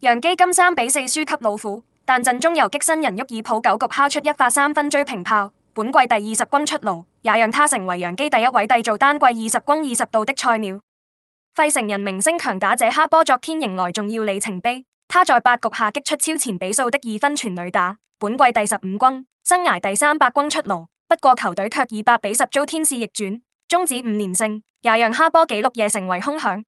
洋基今三比四輸給老虎，但陣中游擊新人沃爾普九局敲出一發三分追平炮，本季第二十轟出爐，也讓他成為洋基第一位締造單季二十轟二十度的菜鳥。費城人明星強打者哈波昨天迎來重要里程碑，他在八局下擊出超前比數的二分全壘打，本季第十五轟，生涯第三百轟出爐。不過球隊卻以八比十遭天使逆轉，終止五連勝，也讓哈波紀錄夜成為空想。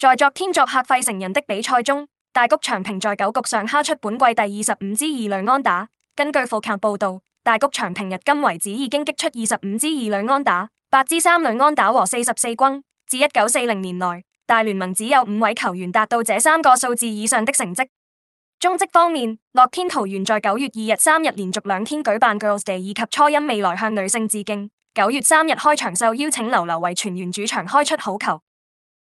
在昨天作客費城人的比賽中。大谷翔平在九局上敲出本季第二十五支二壘安打。根據富強報道，大谷翔平日今為止已經擊出二十五支二壘安打、八支三壘安打和四十四轟。自一九四零年來，大聯盟只有五位球員達到這三個數字以上的成績。中職方面，樂天桃園在九月二日、三日連續兩天舉辦 Girls Day 以及初音未來向女性致敬。九月三日開場秀邀請劉劉為全員主場開出好球。